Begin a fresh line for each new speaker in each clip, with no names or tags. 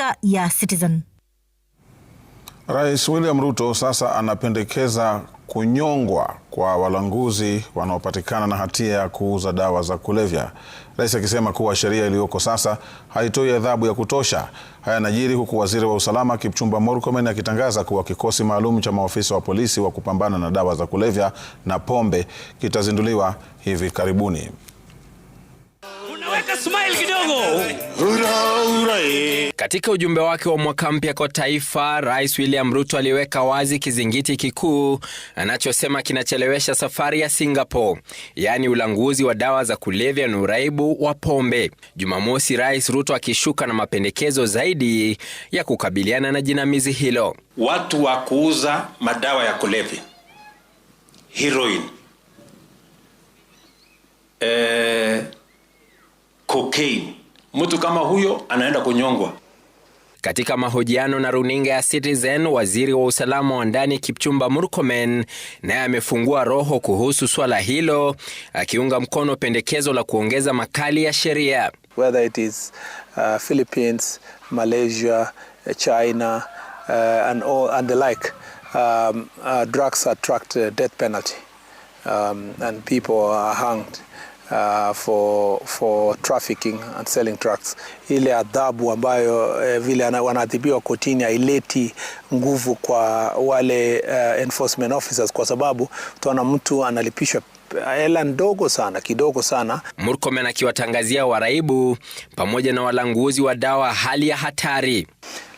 runinga ya Citizen. Rais William Ruto sasa anapendekeza kunyongwa kwa walanguzi wanaopatikana na hatia ya kuuza dawa za kulevya, rais akisema kuwa sheria iliyoko sasa haitoi adhabu ya kutosha. Haya yanajiri huku waziri wa usalama Kipchumba Murkomen akitangaza kuwa kikosi maalum cha maafisa wa polisi wa kupambana na dawa za kulevya na pombe kitazinduliwa hivi karibuni
smile kidogo. Eh. Katika ujumbe wake wa mwaka mpya kwa taifa, Rais William Ruto aliweka wazi kizingiti kikuu anachosema kinachelewesha safari ya Singapore, yaani ulanguzi wa dawa za kulevya na uraibu wa pombe. Jumamosi, Rais Ruto akishuka na mapendekezo zaidi ya kukabiliana na jinamizi hilo.
Watu wa kuuza madawa ya kulevya heroin, eh, cocaine. Mtu kama huyo anaenda kunyongwa.
Katika mahojiano na runinga ya Citizen, waziri wa usalama wa ndani Kipchumba Murkomen naye amefungua roho kuhusu swala hilo, akiunga mkono pendekezo la kuongeza makali ya sheria.
Whether it is uh, Philippines, Malaysia, uh, China, uh, and all, and the like, um, uh, drugs attract uh, death penalty, um, and people are hanged uh, for, for trafficking and selling drugs. Ile adhabu ambayo eh, vile wanaadhibiwa kotini haileti nguvu kwa wale uh, enforcement officers kwa sababu utaona mtu analipishwa hela ndogo sana kidogo sana.
Murkomen akiwatangazia waraibu pamoja na walanguzi wa dawa hali ya hatari,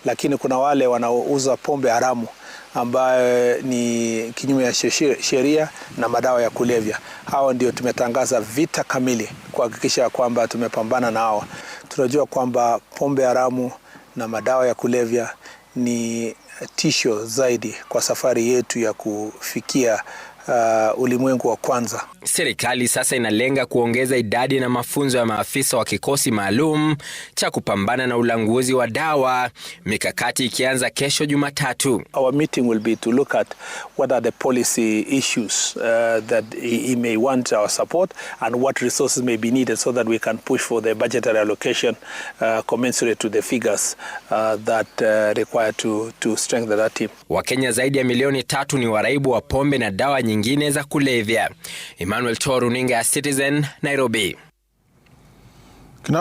lakini kuna wale wanaouza pombe haramu ambayo ni kinyume ya sheria na madawa ya kulevya. Hawa ndio tumetangaza vita kamili kuhakikisha kwamba tumepambana na hawa. Tunajua kwamba pombe haramu na madawa ya kulevya ni tisho zaidi kwa safari yetu ya kufikia uh, ulimwengu wa kwanza.
Serikali sasa inalenga kuongeza idadi na mafunzo ya maafisa wa kikosi maalum cha kupambana na ulanguzi wa dawa, mikakati ikianza kesho Jumatatu.
Our meeting will be to look at what are the policy issues uh, that he may want our support and what resources may be needed so that we can push for the budgetary allocation uh, commensurate to the figures uh, that uh, require to, to strengthen that team.
Wakenya zaidi ya milioni tatu ni waraibu wa pombe na dawa nyingine za kulevya. Emmanuel Toruninga Citizen, Nairobi. Kinara